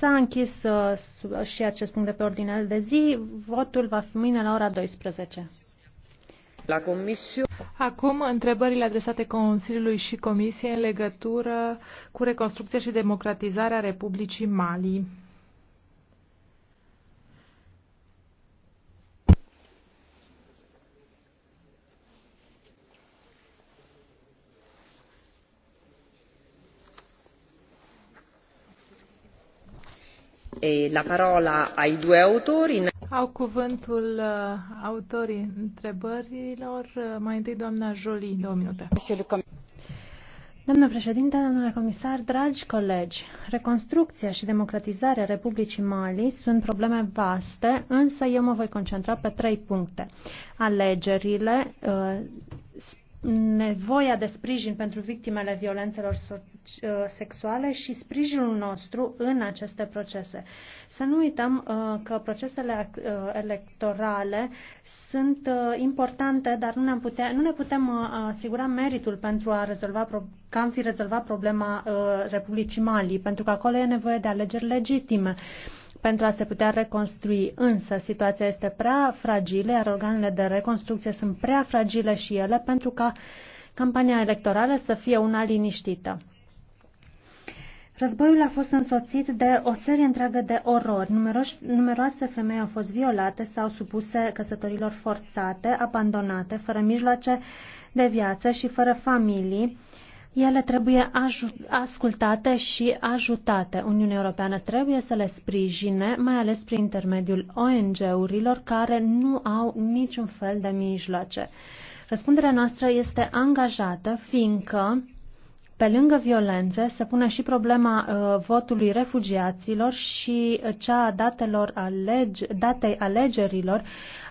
S-a închis uh, și acest punct de pe ordine de zi. Votul va fi mâine la ora 12. La comisie. Acum, întrebările adresate Consiliului și Comisiei în legătură cu reconstrucția și democratizarea Republicii Mali. la parola ai due autori. Au cuvântul uh, autorii întrebărilor. Uh, mai întâi doamna Jolie, două minute. Doamnă președinte, domnule comisar, dragi colegi, reconstrucția și democratizarea Republicii Mali sunt probleme vaste, însă eu mă voi concentra pe trei puncte. Alegerile, uh, nevoia de sprijin pentru victimele violențelor uh, sexuale și sprijinul nostru în aceste procese. Să nu uităm uh, că procesele uh, electorale sunt importante, dar nu, ne putea, nu ne putem asigura meritul pentru a rezolva că am fi rezolvat problema Republicii Mali, pentru că acolo e nevoie de alegeri legitime pentru a se putea reconstrui. Însă situația este prea fragilă, iar organele de reconstrucție sunt prea fragile și ele pentru ca campania electorală să fie una liniștită. Războiul a fost însoțit de o serie întreagă de orori. Numeroși, numeroase femei au fost violate sau supuse căsătorilor forțate, abandonate, fără mijloace de viață și fără familii ele trebuie ascultate și ajutate. Uniunea Europeană trebuie să le sprijine, mai ales prin intermediul ONG-urilor care nu au niciun fel de mijloace. Răspunderea noastră este angajată, fiindcă pe lângă violențe se pune și problema uh, votului refugiaților și cea a datelor alege, datei alegerilor,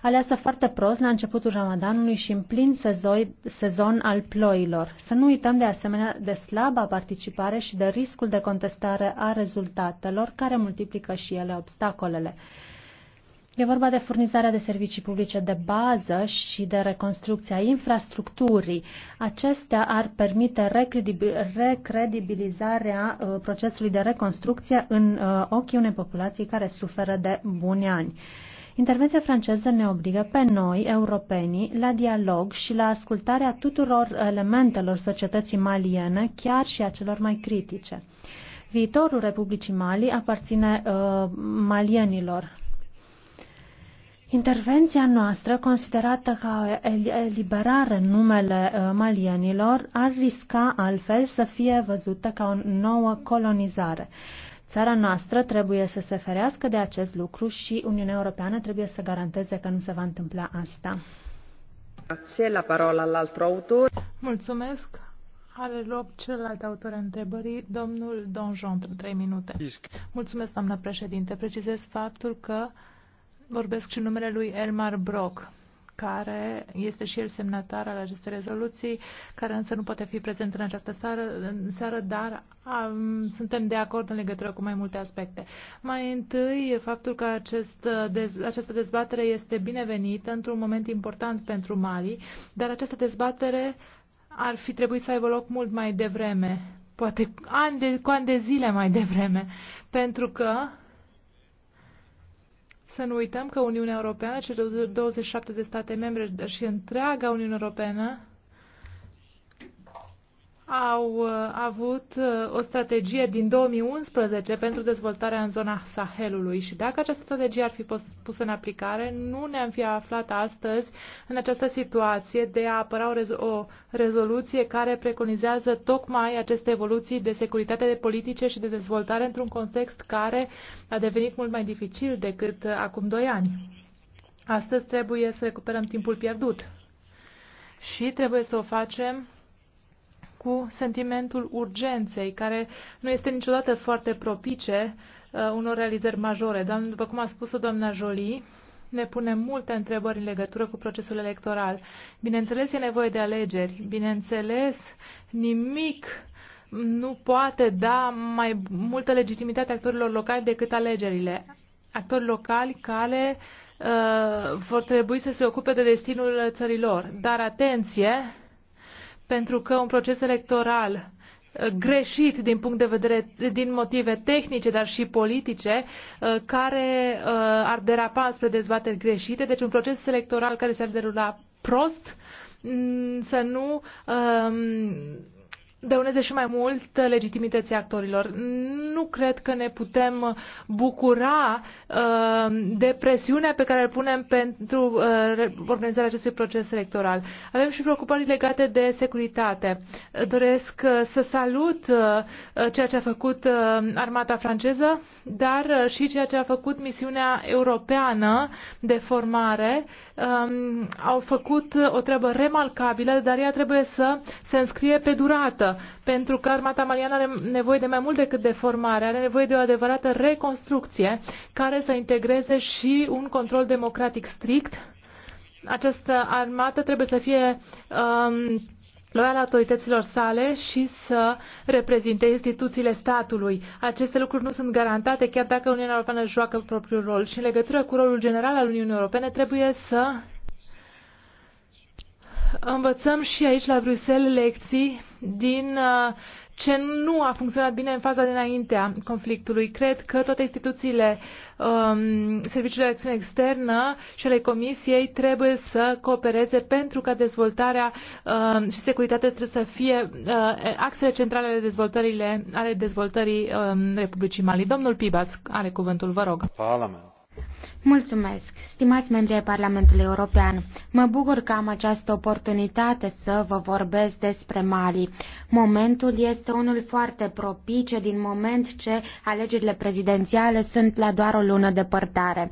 aleasă foarte prost la începutul Ramadanului și în plin sezoi, sezon al ploilor. Să nu uităm de asemenea de slaba participare și de riscul de contestare a rezultatelor, care multiplică și ele obstacolele. E vorba de furnizarea de servicii publice de bază și de reconstrucția infrastructurii. Acestea ar permite recredibilizarea uh, procesului de reconstrucție în uh, ochii unei populații care suferă de buni ani. Intervenția franceză ne obligă pe noi, europenii, la dialog și la ascultarea tuturor elementelor societății maliene, chiar și a celor mai critice. Viitorul Republicii Mali aparține uh, malienilor Intervenția noastră, considerată ca eliberare în numele uh, malienilor, ar risca altfel să fie văzută ca o nouă colonizare. Țara noastră trebuie să se ferească de acest lucru și Uniunea Europeană trebuie să garanteze că nu se va întâmpla asta. La parola all'altro autor. Mulțumesc. Are loc celălalt autor întrebării, domnul Donjon, 3 minute. Mulțumesc, doamnă președinte. Precizez faptul că vorbesc și numele lui Elmar Brock care este și el semnatar al acestei rezoluții, care însă nu poate fi prezent în această seară, în seară dar am, suntem de acord în legătură cu mai multe aspecte. Mai întâi, faptul că acest, dez, această dezbatere este binevenită într-un moment important pentru Mali, dar această dezbatere ar fi trebuit să aibă loc mult mai devreme, poate ani de, cu ani de zile mai devreme, pentru că să nu uităm că Uniunea Europeană, cele 27 de state membre, dar și întreaga Uniune Europeană, au uh, avut uh, o strategie din 2011 pentru dezvoltarea în zona Sahelului și dacă această strategie ar fi pusă în aplicare, nu ne-am fi aflat astăzi în această situație de a apăra o, rezo- o rezoluție care preconizează tocmai aceste evoluții de securitate de politice și de dezvoltare într-un context care a devenit mult mai dificil decât uh, acum doi ani. Astăzi trebuie să recuperăm timpul pierdut și trebuie să o facem cu sentimentul urgenței, care nu este niciodată foarte propice uh, unor realizări majore. Dar, după cum a spus-o doamna Jolie, ne pune multe întrebări în legătură cu procesul electoral. Bineînțeles, e nevoie de alegeri. Bineînțeles, nimic nu poate da mai multă legitimitate actorilor locali decât alegerile. Actori locali care uh, vor trebui să se ocupe de destinul țărilor. Dar atenție, pentru că un proces electoral uh, greșit din punct de vedere din motive tehnice, dar și politice, uh, care uh, ar derapa spre dezbateri greșite. Deci un proces electoral care s-ar derula prost, mm, să nu um, dăuneze și mai mult legitimității actorilor. Nu cred că ne putem bucura uh, de presiunea pe care îl punem pentru uh, organizarea acestui proces electoral. Avem și preocupări legate de securitate. Doresc uh, să salut uh, ceea ce a făcut uh, armata franceză, dar uh, și ceea ce a făcut misiunea europeană de formare. Um, au făcut o treabă remarcabilă, dar ea trebuie să se înscrie pe durată pentru că armata maliană are nevoie de mai mult decât de formare, are nevoie de o adevărată reconstrucție care să integreze și un control democratic strict. Această armată trebuie să fie um, loială autorităților sale și să reprezinte instituțiile statului. Aceste lucruri nu sunt garantate chiar dacă Uniunea Europeană joacă propriul rol și în legătură cu rolul general al Uniunii Europene trebuie să învățăm și aici la Bruxelles lecții din uh, ce nu a funcționat bine în faza dinaintea conflictului. Cred că toate instituțiile um, Serviciului de Acțiune Externă și ale Comisiei trebuie să coopereze pentru ca dezvoltarea um, și securitatea trebuie să fie uh, axele centrale ale, dezvoltările, ale dezvoltării um, Republicii Mali. Domnul Pibaț are cuvântul, vă rog. Parlament. Mulțumesc, stimați membri ai Parlamentului European. Mă bucur că am această oportunitate să vă vorbesc despre Mali. Momentul este unul foarte propice din moment ce alegerile prezidențiale sunt la doar o lună depărtare.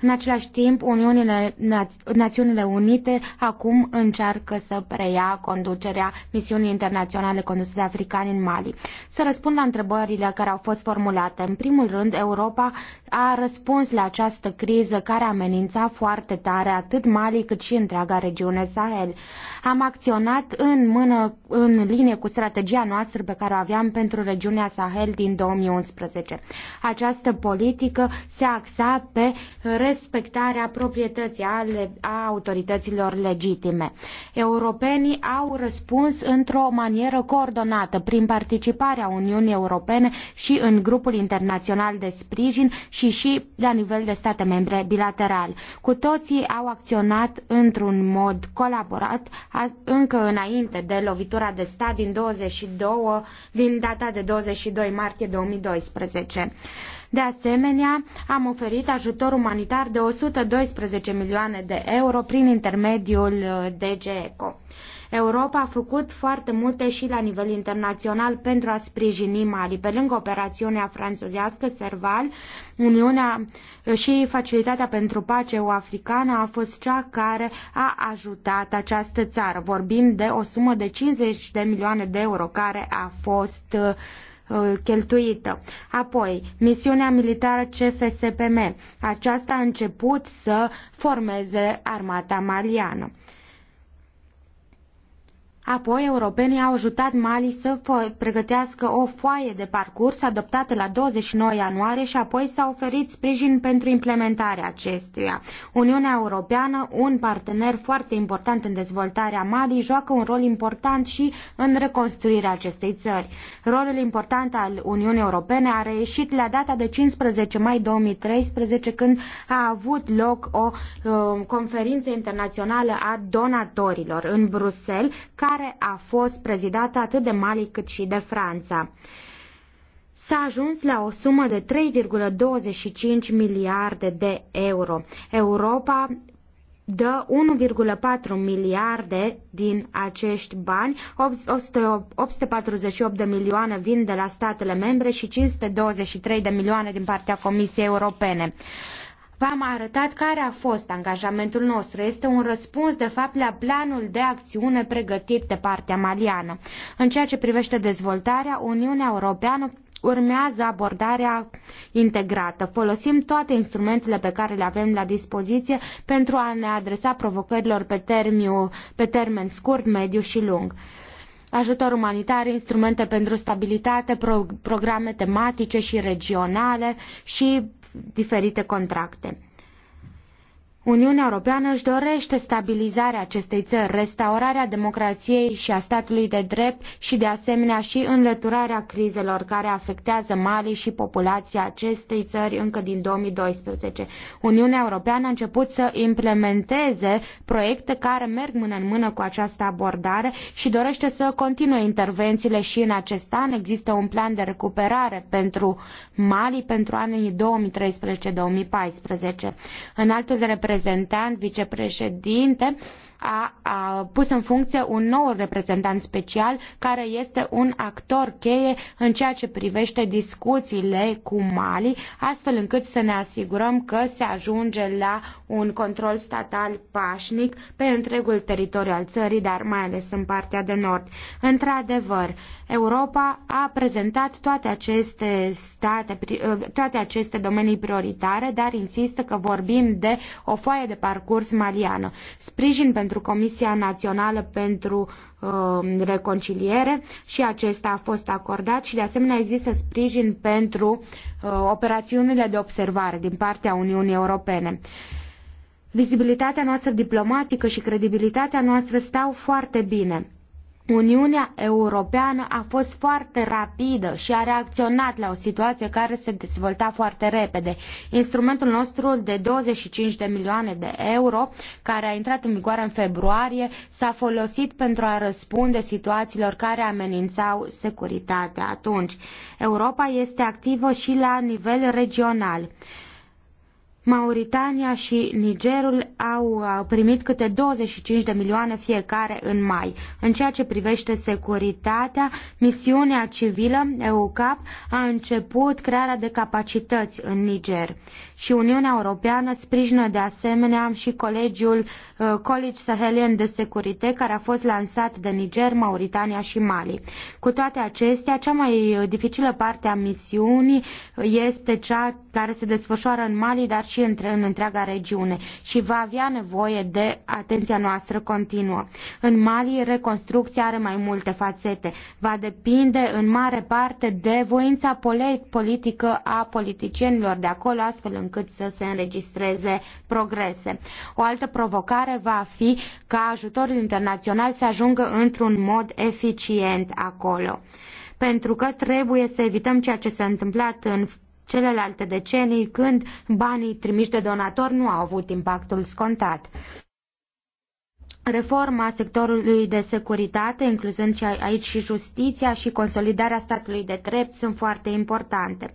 În același timp, Uniunile, Naț- Națiunile Unite acum încearcă să preia conducerea misiunii internaționale conduse de africani în Mali. Să răspund la întrebările care au fost formulate. În primul rând, Europa a răspuns la această criză criză care amenința foarte tare atât Mali cât și întreaga regiune Sahel. Am acționat în mână, în linie cu strategia noastră pe care o aveam pentru regiunea Sahel din 2011. Această politică se axa pe respectarea proprietății ale, a autorităților legitime. Europenii au răspuns într-o manieră coordonată prin participarea Uniunii Europene și în grupul internațional de sprijin și și la nivel de state membre membre bilateral. Cu toții au acționat într-un mod colaborat încă înainte de lovitura de stat din, 22, din data de 22 martie 2012. De asemenea, am oferit ajutor umanitar de 112 milioane de euro prin intermediul uh, DGECO. Europa a făcut foarte multe și la nivel internațional pentru a sprijini Mali. Pe lângă operațiunea franțuzească, Serval, Uniunea și Facilitatea pentru Pace Africană a fost cea care a ajutat această țară. Vorbim de o sumă de 50 de milioane de euro care a fost uh, cheltuită. Apoi, misiunea militară CFSPM. Aceasta a început să formeze armata maliană. Apoi, europenii au ajutat Mali să pregătească o foaie de parcurs adoptată la 29 ianuarie și apoi s-a oferit sprijin pentru implementarea acestuia. Uniunea Europeană, un partener foarte important în dezvoltarea Mali, joacă un rol important și în reconstruirea acestei țări. Rolul important al Uniunii Europene a reieșit la data de 15 mai 2013, când a avut loc o uh, conferință internațională a donatorilor în Bruxelles, care care a fost prezidată atât de Mali cât și de Franța. S-a ajuns la o sumă de 3,25 miliarde de euro. Europa dă 1,4 miliarde din acești bani, 848 de milioane vin de la statele membre și 523 de milioane din partea Comisiei Europene. V-am arătat care a fost angajamentul nostru. Este un răspuns, de fapt, la planul de acțiune pregătit de partea maliană. În ceea ce privește dezvoltarea, Uniunea Europeană urmează abordarea integrată. Folosim toate instrumentele pe care le avem la dispoziție pentru a ne adresa provocărilor pe, termiu, pe termen scurt, mediu și lung ajutor umanitar, instrumente pentru stabilitate, pro programe tematice și regionale și diferite contracte. Uniunea Europeană își dorește stabilizarea acestei țări, restaurarea democrației și a statului de drept și de asemenea și înlăturarea crizelor care afectează Mali și populația acestei țări încă din 2012. Uniunea Europeană a început să implementeze proiecte care merg mână în mână cu această abordare și dorește să continue intervențiile și în acest an. Există un plan de recuperare pentru Mali pentru anii 2013-2014. În altul de reprezentant, vicepreședinte, a, a pus în funcție un nou reprezentant special care este un actor cheie în ceea ce privește discuțiile cu Mali, astfel încât să ne asigurăm că se ajunge la un control statal pașnic pe întregul teritoriu al țării, dar mai ales în partea de nord. Într-adevăr, Europa a prezentat toate aceste state, ă, toate aceste domenii prioritare, dar insistă că vorbim de o foaie de parcurs maliană. Sprijin pentru pentru Comisia Națională pentru uh, Reconciliere și acesta a fost acordat și de asemenea există sprijin pentru uh, operațiunile de observare din partea Uniunii Europene. Vizibilitatea noastră diplomatică și credibilitatea noastră stau foarte bine. Uniunea Europeană a fost foarte rapidă și a reacționat la o situație care se dezvolta foarte repede. Instrumentul nostru de 25 de milioane de euro, care a intrat în vigoare în februarie, s-a folosit pentru a răspunde situațiilor care amenințau securitatea atunci. Europa este activă și la nivel regional. Mauritania și Nigerul au uh, primit câte 25 de milioane fiecare în mai. În ceea ce privește securitatea, misiunea civilă EUCAP a început crearea de capacități în Niger și Uniunea Europeană sprijină de asemenea și colegiul uh, College Sahelian de Securite care a fost lansat de Niger, Mauritania și Mali. Cu toate acestea, cea mai uh, dificilă parte a misiunii este cea care se desfășoară în Mali, dar și și între, în întreaga regiune și va avea nevoie de atenția noastră continuă. În Mali, reconstrucția are mai multe fațete. Va depinde în mare parte de voința politică a politicienilor de acolo, astfel încât să se înregistreze progrese. O altă provocare va fi ca ajutorul internațional să ajungă într-un mod eficient acolo pentru că trebuie să evităm ceea ce s-a întâmplat în celelalte decenii când banii trimiși de donatori nu au avut impactul scontat. Reforma sectorului de securitate, incluzând aici și justiția și consolidarea statului de drept, sunt foarte importante.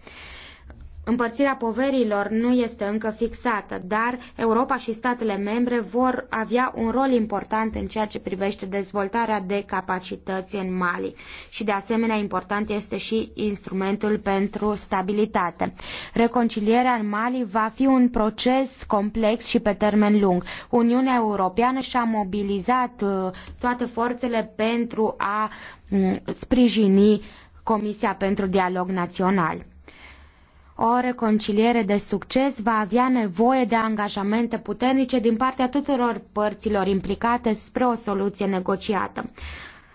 Împărțirea poverilor nu este încă fixată, dar Europa și statele membre vor avea un rol important în ceea ce privește dezvoltarea de capacități în Mali. Și de asemenea important este și instrumentul pentru stabilitate. Reconcilierea în Mali va fi un proces complex și pe termen lung. Uniunea Europeană și-a mobilizat uh, toate forțele pentru a mm, sprijini Comisia pentru Dialog Național. O reconciliere de succes va avea nevoie de angajamente puternice din partea tuturor părților implicate spre o soluție negociată.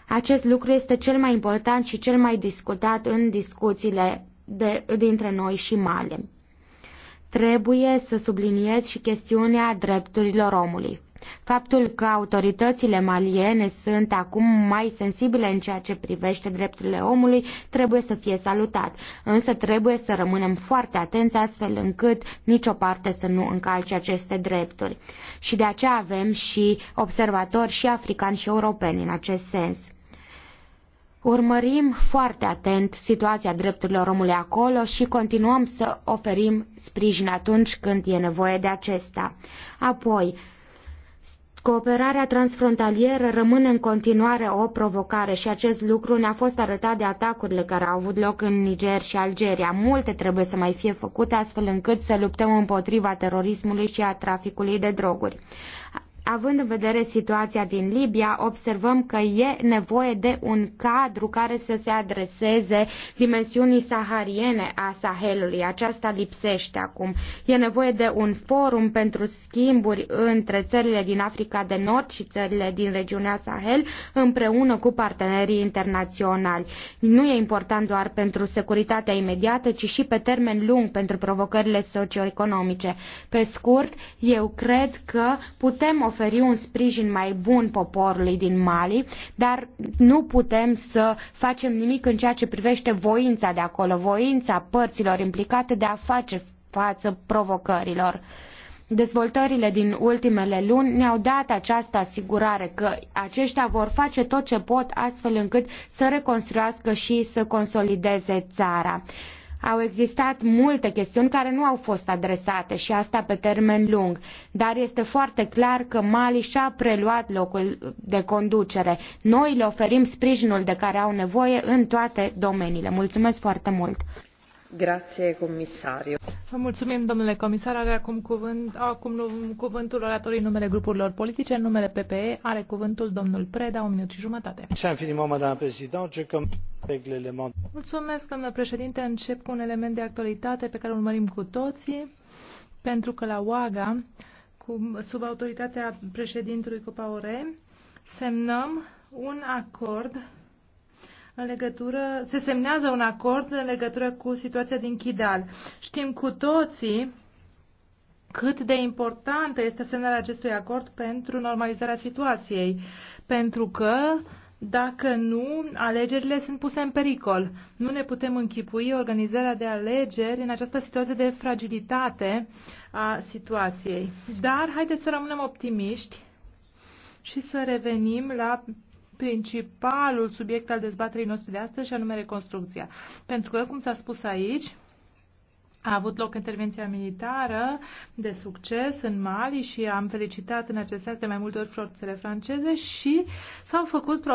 Acest lucru este cel mai important și cel mai discutat în discuțiile de, dintre noi și Male. Trebuie să subliniez și chestiunea drepturilor omului. Faptul că autoritățile maliene sunt acum mai sensibile în ceea ce privește drepturile omului trebuie să fie salutat, însă trebuie să rămânem foarte atenți astfel încât nicio parte să nu încalce aceste drepturi. Și de aceea avem și observatori și africani și europeni în acest sens. Urmărim foarte atent situația drepturilor omului acolo și continuăm să oferim sprijin atunci când e nevoie de acesta. Apoi, Cooperarea transfrontalieră rămâne în continuare o provocare și acest lucru ne-a fost arătat de atacurile care au avut loc în Niger și Algeria. Multe trebuie să mai fie făcute astfel încât să luptăm împotriva terorismului și a traficului de droguri. Având în vedere situația din Libia, observăm că e nevoie de un cadru care să se adreseze dimensiunii sahariene a Sahelului. Aceasta lipsește acum. E nevoie de un forum pentru schimburi între țările din Africa de Nord și țările din regiunea Sahel împreună cu partenerii internaționali. Nu e important doar pentru securitatea imediată, ci și pe termen lung pentru provocările socioeconomice. Pe scurt, eu cred că putem oferi oferi un sprijin mai bun poporului din Mali, dar nu putem să facem nimic în ceea ce privește voința de acolo, voința părților implicate de a face față provocărilor. Dezvoltările din ultimele luni ne-au dat această asigurare că aceștia vor face tot ce pot astfel încât să reconstruiască și să consolideze țara. Au existat multe chestiuni care nu au fost adresate și asta pe termen lung, dar este foarte clar că Mali și-a preluat locul de conducere. Noi le oferim sprijinul de care au nevoie în toate domeniile. Mulțumesc foarte mult! Grazie, comisariu. Vă mulțumim, domnule comisar. Are acum, cuvânt, acum cuvântul oratorii numele grupurilor politice, în numele PPE. Are cuvântul domnul Preda, un minut și jumătate. Mulțumesc, domnule președinte. Încep cu un element de actualitate pe care îl urmărim cu toții, pentru că la UAGA, cu, sub autoritatea președintelui Copaore, semnăm un acord în legătură, se semnează un acord în legătură cu situația din Chidal. Știm cu toții cât de importantă este semnarea acestui acord pentru normalizarea situației, pentru că dacă nu, alegerile sunt puse în pericol. Nu ne putem închipui organizarea de alegeri în această situație de fragilitate a situației. Dar haideți să rămânem optimiști și să revenim la principalul subiect al dezbaterii noastre de astăzi, și anume reconstrucția. Pentru că, cum s-a spus aici, a avut loc intervenția militară de succes în Mali și am felicitat în acest sens de mai multe ori forțele franceze și s-au făcut pro,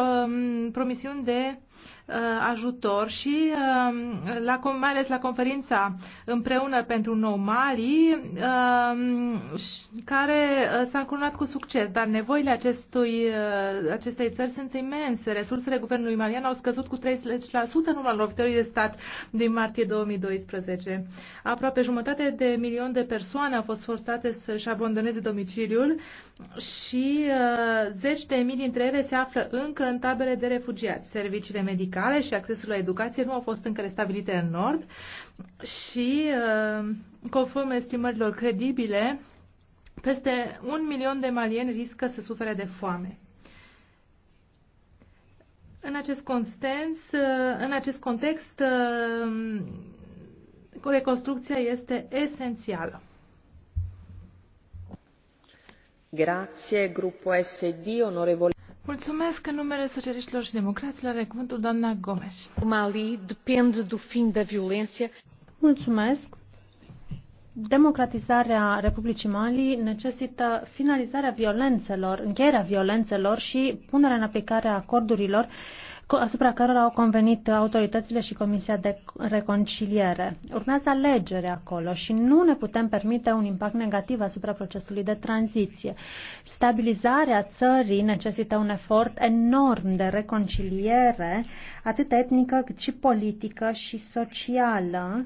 promisiuni de Uh, ajutor și uh, la, mai ales la conferința împreună pentru nou Mali, uh, care s-a încurunat cu succes, dar nevoile acestui, acestei țări sunt imense. Resursele guvernului malian au scăzut cu 30% în urma lovitorii de stat din martie 2012. Aproape jumătate de milion de persoane au fost forțate să-și abandoneze domiciliul și uh, zeci de mii dintre ele se află încă în tabere de refugiați. Serviciile medicale și accesul la educație nu au fost încă restabilite în Nord și, uh, conform estimărilor credibile, peste un milion de malieni riscă să sufere de foame. În acest, constens, uh, în acest context, uh, reconstrucția este esențială. Grazie, grupul SD, onorevole. Mulțumesc în numele Socialiștilor și Democraților, are cuvântul doamna Gomes. Mali depinde de fin de da violență. Mulțumesc. Democratizarea Republicii Mali necesită finalizarea violențelor, încheierea violențelor și punerea în aplicare a acordurilor uh, asupra cărora au convenit autoritățile și Comisia de Reconciliere. Urmează alegere acolo și nu ne putem permite un impact negativ asupra procesului de tranziție. Stabilizarea țării necesită un efort enorm de reconciliere, atât etnică cât și politică și socială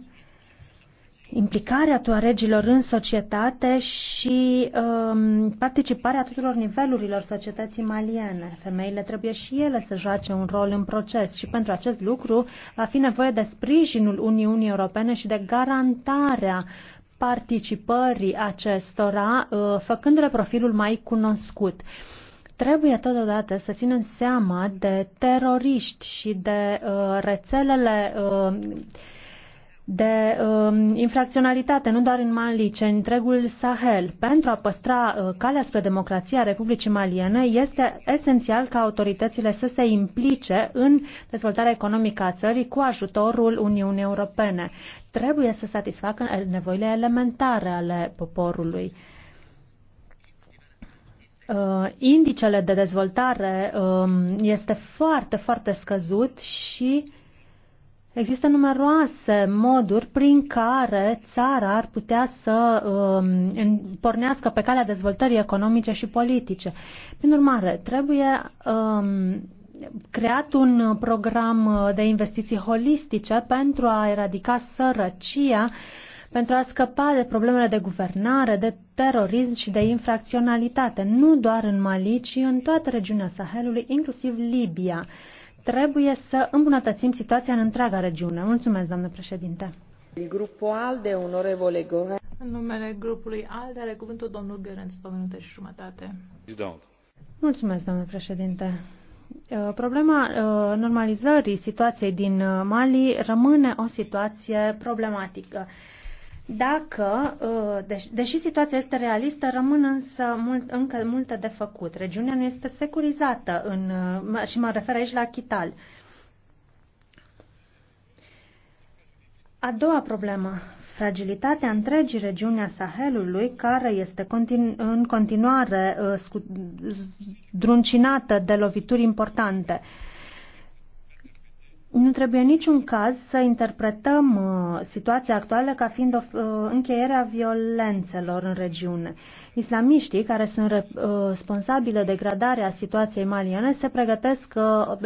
implicarea tuaregilor în societate și um, participarea tuturor nivelurilor societății maliene. Femeile trebuie și ele să joace un rol în proces și pentru acest lucru va fi nevoie de sprijinul Uniunii Europene și de garantarea participării acestora, uh, făcându-le profilul mai cunoscut. Trebuie totodată să ținem seama de teroriști și de uh, rețelele uh, de um, infracționalitate, nu doar în Mali, ci în întregul Sahel. Pentru a păstra uh, calea spre democrația Republicii Maliene, este esențial ca autoritățile să se implice în dezvoltarea economică a țării cu ajutorul Uniunii Europene. Trebuie să satisfacă nevoile elementare ale poporului. Uh, indicele de dezvoltare um, este foarte, foarte scăzut și Există numeroase moduri prin care țara ar putea să um, pornească pe calea dezvoltării economice și politice. Prin urmare, trebuie um, creat un program de investiții holistice pentru a eradica sărăcia, pentru a scăpa de problemele de guvernare, de terorism și de infracționalitate, nu doar în Mali, ci în toată regiunea Sahelului, inclusiv Libia trebuie să îmbunătățim situația în întreaga regiune. Mulțumesc, doamnă președinte. Grupul ALDE, onorevole Goren. În numele grupului ALDE are cuvântul domnul Gărenț, două minute și jumătate. Mulțumesc, doamnă președinte. Uh, problema uh, normalizării situației din uh, Mali rămâne o situație problematică. Dacă, ă, deși, deși situația este realistă, rămân însă mult, încă multe de făcut. Regiunea nu este securizată în, și mă refer aici la Chital. A doua problemă, fragilitatea întregii regiuni a Sahelului, care este continu- în continuare ă, uh, druncinată de lovituri importante. Uh, nu trebuie în niciun caz să interpretăm uh, situația actuală ca fiind o uh, încheierea violențelor în regiune. Islamiștii care sunt uh, responsabile de gradarea situației maliene se pregătesc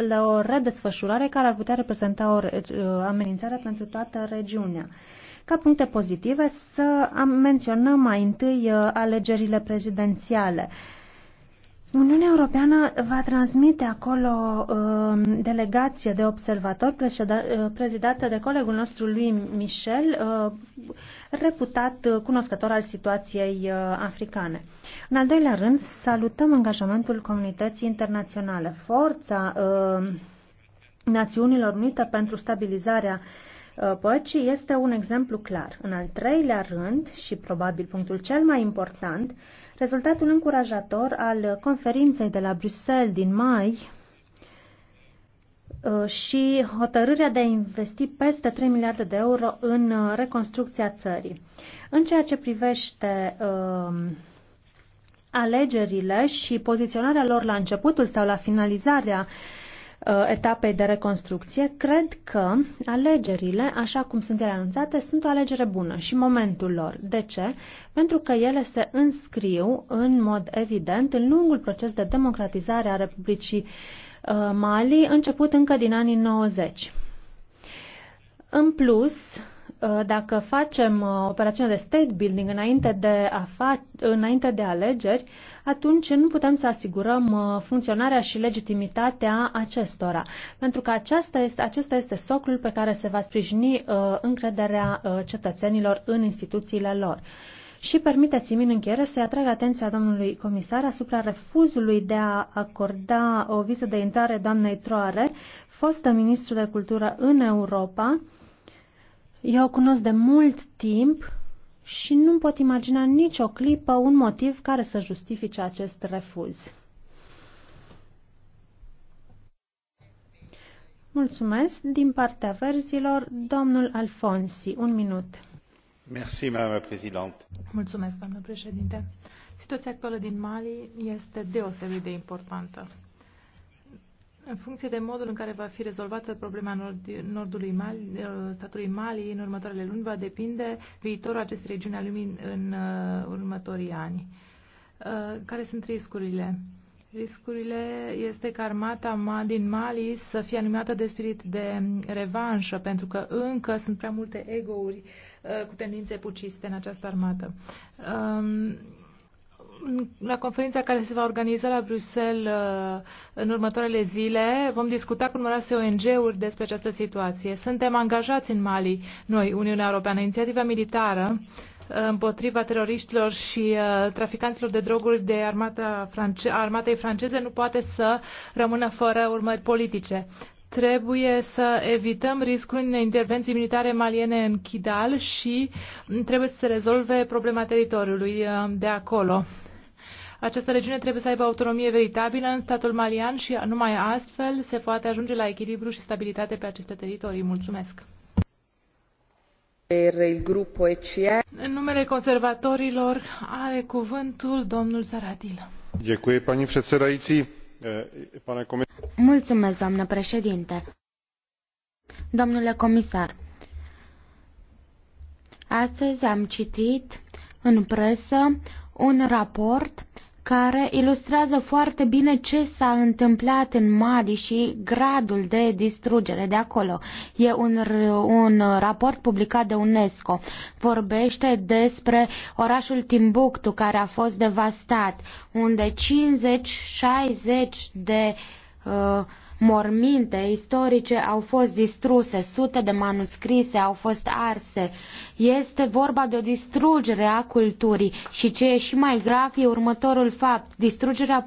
la o redesfășurare care ar putea reprezenta o amenințare pentru toată regiunea. Ca puncte pozitive să menționăm mai întâi alegerile prezidențiale. Uh, Uniunea Europeană va transmite acolo uh, delegație de observatori uh, prezidată de colegul nostru lui Michel, uh, reputat uh, cunoscător al situației uh, africane. În al doilea rând, salutăm angajamentul comunității internaționale. Forța uh, Națiunilor Unite pentru stabilizarea uh, păcii este un exemplu clar. În al treilea rând, și probabil punctul cel mai important, Rezultatul încurajator al conferinței de la Bruxelles din mai uh, și hotărârea de a investi peste 3 miliarde de euro în uh, reconstrucția țării. În ceea ce privește um, alegerile și poziționarea lor la începutul sau la finalizarea uh, Uh, etapei de reconstrucție, cred că alegerile, așa cum sunt ele anunțate, sunt o alegere bună și momentul lor. De ce? Pentru că ele se înscriu în mod evident în lungul proces de democratizare a Republicii uh, Mali, început încă din anii 90. În plus, Uh, dacă facem uh, operațiunea de state building înainte de, a fa- înainte de alegeri, atunci nu putem să asigurăm uh, funcționarea și legitimitatea acestora, pentru că aceasta este, acesta este socul pe care se va sprijini încrederea cetățenilor în instituțiile lor. Și permiteți-mi în încheiere să-i atrag atenția domnului comisar asupra refuzului de a acorda o viză de intrare doamnei Troare, fostă ministru de cultură în Europa, eu o cunosc de mult timp și nu pot imagina nicio clipă un motiv care să justifice acest refuz. Mulțumesc. Din partea verzilor, domnul Alfonsi, un minut. Merci, Mulțumesc, doamnă președinte. Situația actuală din Mali este deosebit de importantă. În funcție de modul în care va fi rezolvată problema nord, nordului Mali, uh, statului Mali în următoarele luni, va depinde viitorul acestei regiuni a lumii în uh, următorii ani. Uh, care sunt riscurile? Riscurile este că armata din Mali să fie animată de spirit de revanșă, pentru că încă sunt prea multe egouri cu tendințe puciste în această armată. Um, la conferința care se va organiza la Bruxelles uh, în următoarele zile, vom discuta cu numeroase ONG-uri despre această situație. Suntem angajați în Mali, noi, Uniunea Europeană, inițiativa militară uh, împotriva teroriștilor și uh, traficanților de droguri de armata france- armatei franceze nu poate să rămână fără urmări politice trebuie să evităm riscul unei intervenții militare maliene în Kidal și mm, trebuie să se rezolve problema teritoriului de acolo. Această regiune trebuie să aibă autonomie veritabilă în statul malian și numai astfel se poate ajunge la echilibru și stabilitate pe aceste teritorii. Mulțumesc! În numele conservatorilor are cuvântul domnul Zaratil. Mulțumesc, doamnă președinte. Domnule comisar, astăzi am citit în presă un raport care ilustrează foarte bine ce s-a întâmplat în Mali și gradul de distrugere de acolo. E un, un raport publicat de UNESCO. Vorbește despre orașul Timbuktu care a fost devastat, unde 50-60 de uh, morminte istorice au fost distruse, sute de manuscrise au fost arse. Este vorba de o distrugere a culturii și ce e și mai grav e următorul fapt, distrugerea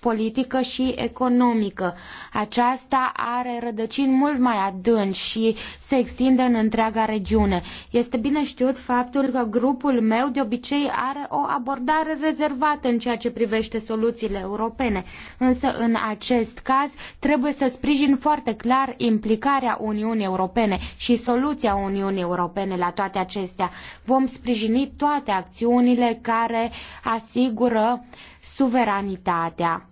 politică și economică. Aceasta are rădăcini mult mai adânci și se extinde în întreaga regiune. Este bine știut faptul că grupul meu de obicei are o abordare rezervată în ceea ce privește soluțiile europene, însă în acest caz trebuie trebuie să sprijin foarte clar implicarea Uniunii Europene și soluția Uniunii Europene la toate acestea. Vom sprijini toate acțiunile care asigură suveranitatea.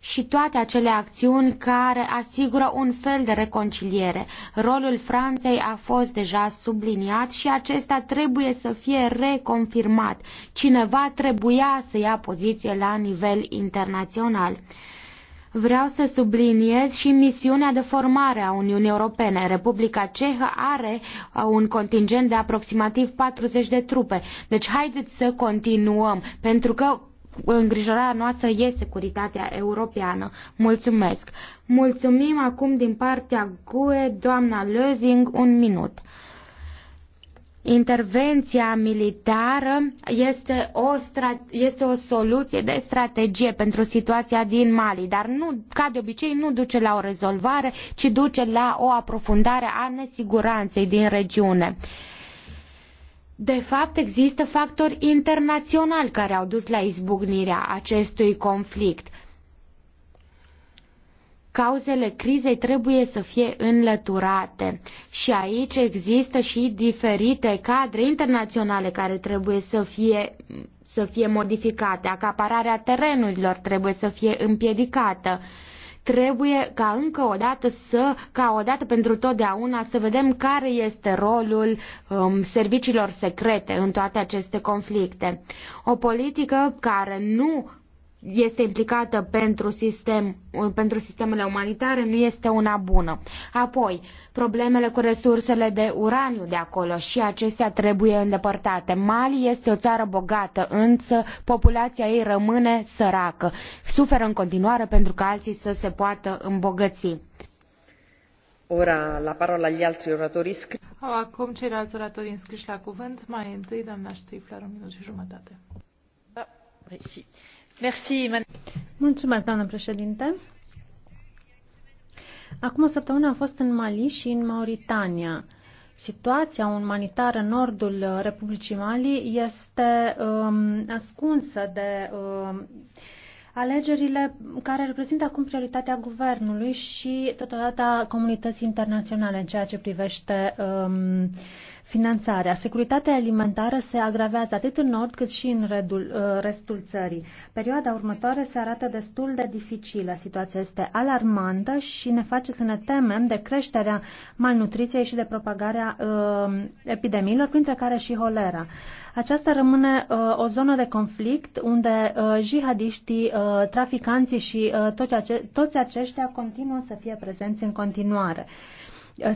și toate acele acțiuni care asigură un fel de reconciliere. Rolul Franței a fost deja subliniat și acesta trebuie să fie reconfirmat. Cineva trebuia să ia poziție la nivel internațional. Vreau să subliniez și misiunea de formare a Uniunii Europene. Republica Cehă are uh, un contingent de aproximativ 40 de trupe. Deci haideți să continuăm, pentru că îngrijorarea noastră e securitatea europeană. Mulțumesc! Mulțumim acum din partea GUE, doamna Lözing, un minut. Intervenția militară este o, este o soluție de strategie pentru situația din Mali, dar nu, ca de obicei nu duce la o rezolvare, ci duce la o aprofundare a nesiguranței din regiune. Uh, de fapt, există factori internaționali care au dus la izbucnirea acestui conflict. Cauzele crizei trebuie să fie înlăturate și aici există și diferite cadre internaționale care trebuie să fie, să fie modificate. Acapararea terenurilor trebuie să fie împiedicată. Uh, Trebuie ca încă o dată să, ca o dată pentru totdeauna, să vedem care este rolul um, serviciilor secrete în toate aceste conflicte. O politică care nu este implicată pentru, sistem, pentru sistemele umanitare nu este una bună. Apoi, problemele cu resursele de uraniu de acolo și acestea trebuie îndepărtate. Mali este o țară bogată, însă populația ei rămâne săracă. Suferă în continuare pentru că alții să se poată îmbogăți. Ora la parola agli altri oratori Au Acum ceilalți oratori înscriși la cuvânt, mai întâi doamna Strifler, un minut și jumătate. Da. Păi, Mulțumesc, doamnă președinte. Acum o săptămână am fost în Mali și în Mauritania. Situația umanitară în nordul Republicii Mali este um, ascunsă de um, alegerile care reprezintă acum prioritatea guvernului și totodată comunității internaționale în ceea ce privește um, Finanțarea. Securitatea alimentară se agravează atât în nord cât și în redul, uh, restul țării. Perioada următoare se arată destul de dificilă. Situația este alarmantă și ne face să ne temem de creșterea malnutriției și de propagarea uh, epidemiilor, printre care și holera. Aceasta rămâne uh, o zonă de conflict unde uh, jihadiștii, uh, traficanții și uh, toți, ace- toți aceștia continuă să fie prezenți în continuare. Uh,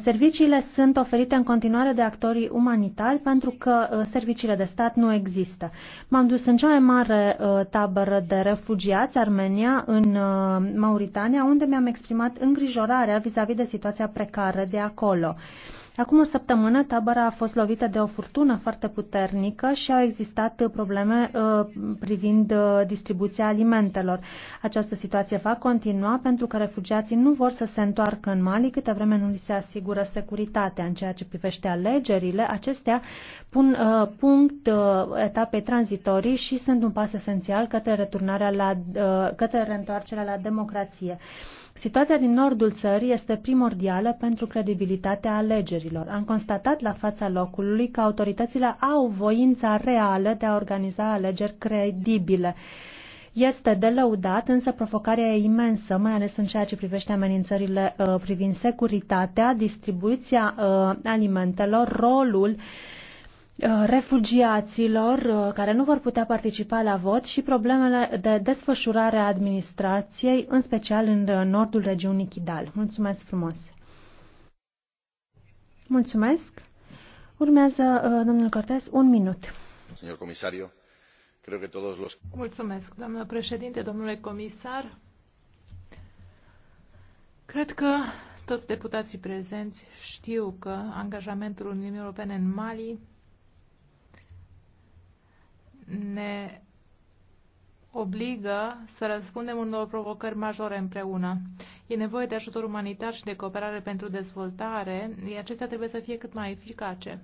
Serviciile sunt oferite în continuare de actorii umanitari pentru că uh, serviciile de stat nu există. M-am dus în cea mai mare uh, tabără de refugiați, Armenia, în uh, Mauritania, unde mi-am exprimat îngrijorarea vis-a-vis -vis de situația precară de acolo. Acum o săptămână tabăra a fost lovită de o furtună foarte puternică și au existat probleme uh, privind uh, distribuția alimentelor. Această situație va continua pentru că refugiații nu vor să se întoarcă în Mali câtă vreme nu li se asigură securitatea. În ceea ce privește alegerile, acestea pun uh, punct uh, etapei tranzitorii și sunt un pas esențial către returnarea la, uh, către reîntoarcerea la democrație. Uh, Situația din nordul țării este primordială pentru credibilitatea alegerilor. Am constatat la fața locului că autoritățile au voința reală de a organiza alegeri credibile. Este de lăudat, însă provocarea e imensă, mai ales în ceea ce privește amenințările uh, privind securitatea, distribuția uh, alimentelor, rolul uh, Uh, refugiaților uh, care nu vor putea participa la vot și problemele de desfășurare a administrației, în special în uh, nordul regiunii Kidal. Mulțumesc frumos! Mulțumesc! Urmează domnul Cortez un minut. Domnul comisar, cred că toți los... Mulțumesc, doamnă președinte, domnule comisar. Cred că toți deputații prezenți știu că angajamentul Uniunii Europene în Mali ne obligă să răspundem unor provocări majore împreună. E nevoie de ajutor umanitar și de cooperare pentru dezvoltare, iar acestea trebuie să fie cât mai eficace.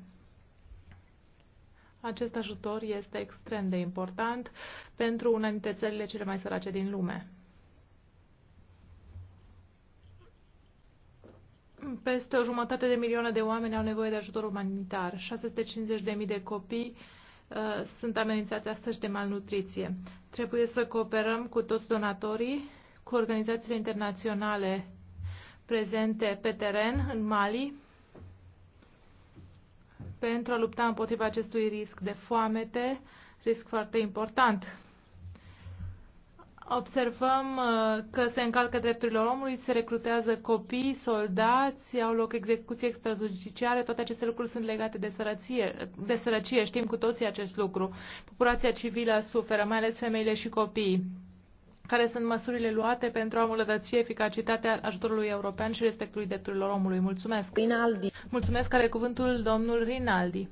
Acest ajutor este extrem de important pentru una dintre țările cele mai sărace din lume. Peste o jumătate de milioane de oameni au nevoie de ajutor umanitar. 650.000 de copii uh, Uh, sunt amenințați astăzi de malnutriție. Trebuie să cooperăm cu toți donatorii, cu organizațiile internaționale prezente pe teren în Mali pentru a lupta împotriva acestui risc de foamete, risc foarte important. Observăm uh, că se încalcă drepturile omului, se recrutează copii, soldați, au loc execuții extrajudiciare, toate aceste lucruri sunt legate de sărăcie, de sărăcie, știm cu toții acest lucru. Populația civilă suferă, mai ales femeile și copiii. Care sunt măsurile luate pentru a îmbunătăți eficacitatea ajutorului european și respectului drepturilor omului? Mulțumesc! Rinaldi. Mulțumesc, are cuvântul domnul Rinaldi.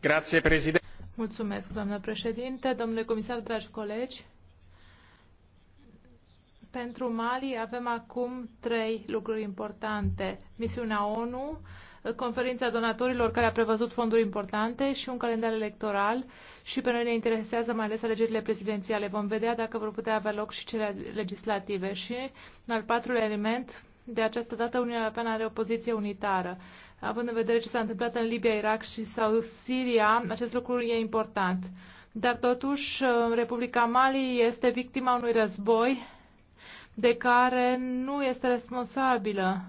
Grazie, președinte Mulțumesc, doamnă președinte, domnule comisar, dragi colegi. Pentru Mali avem acum trei lucruri importante. Misiunea ONU, conferința donatorilor care a prevăzut fonduri importante și un calendar electoral și pe noi ne interesează mai ales alegerile prezidențiale. Vom vedea dacă vor putea avea loc și cele legislative. Și, în al patrulea element, de această dată Uniunea Europeană are o poziție unitară. Având în vedere ce s-a întâmplat în Libia, Irak și sau Siria, acest lucru e important. Dar totuși, uh, Republica Mali este victima unui război de care nu este responsabilă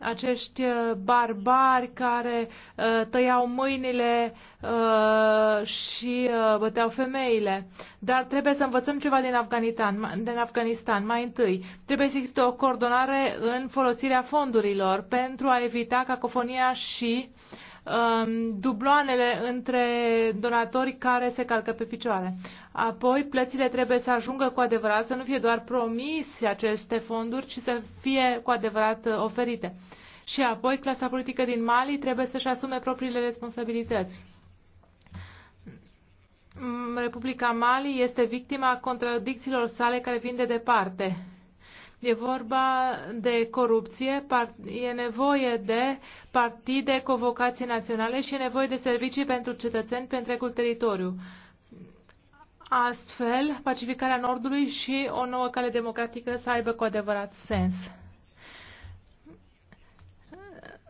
acești uh, barbari care uh, tăiau mâinile uh, și băteau femeile. Dar trebuie să învățăm ceva din Afganistan, din Afganistan. Mai întâi, trebuie să existe o coordonare în folosirea fondurilor pentru a evita cacofonia și um, dubloanele între donatori care se calcă pe picioare. Apoi, plățile trebuie să ajungă cu adevărat, să nu fie doar promise aceste fonduri, ci să fie cu adevărat uh, oferite. Și apoi, clasa politică din Mali trebuie să-și asume propriile responsabilități. Mm, Republica Mali este victima contradicțiilor sale care vin de departe. E vorba de corupție, e nevoie de partide cu vocație naționale și e nevoie de servicii pentru cetățeni pe întregul teritoriu. Astfel, pacificarea Nordului și o nouă cale democratică să aibă cu adevărat sens.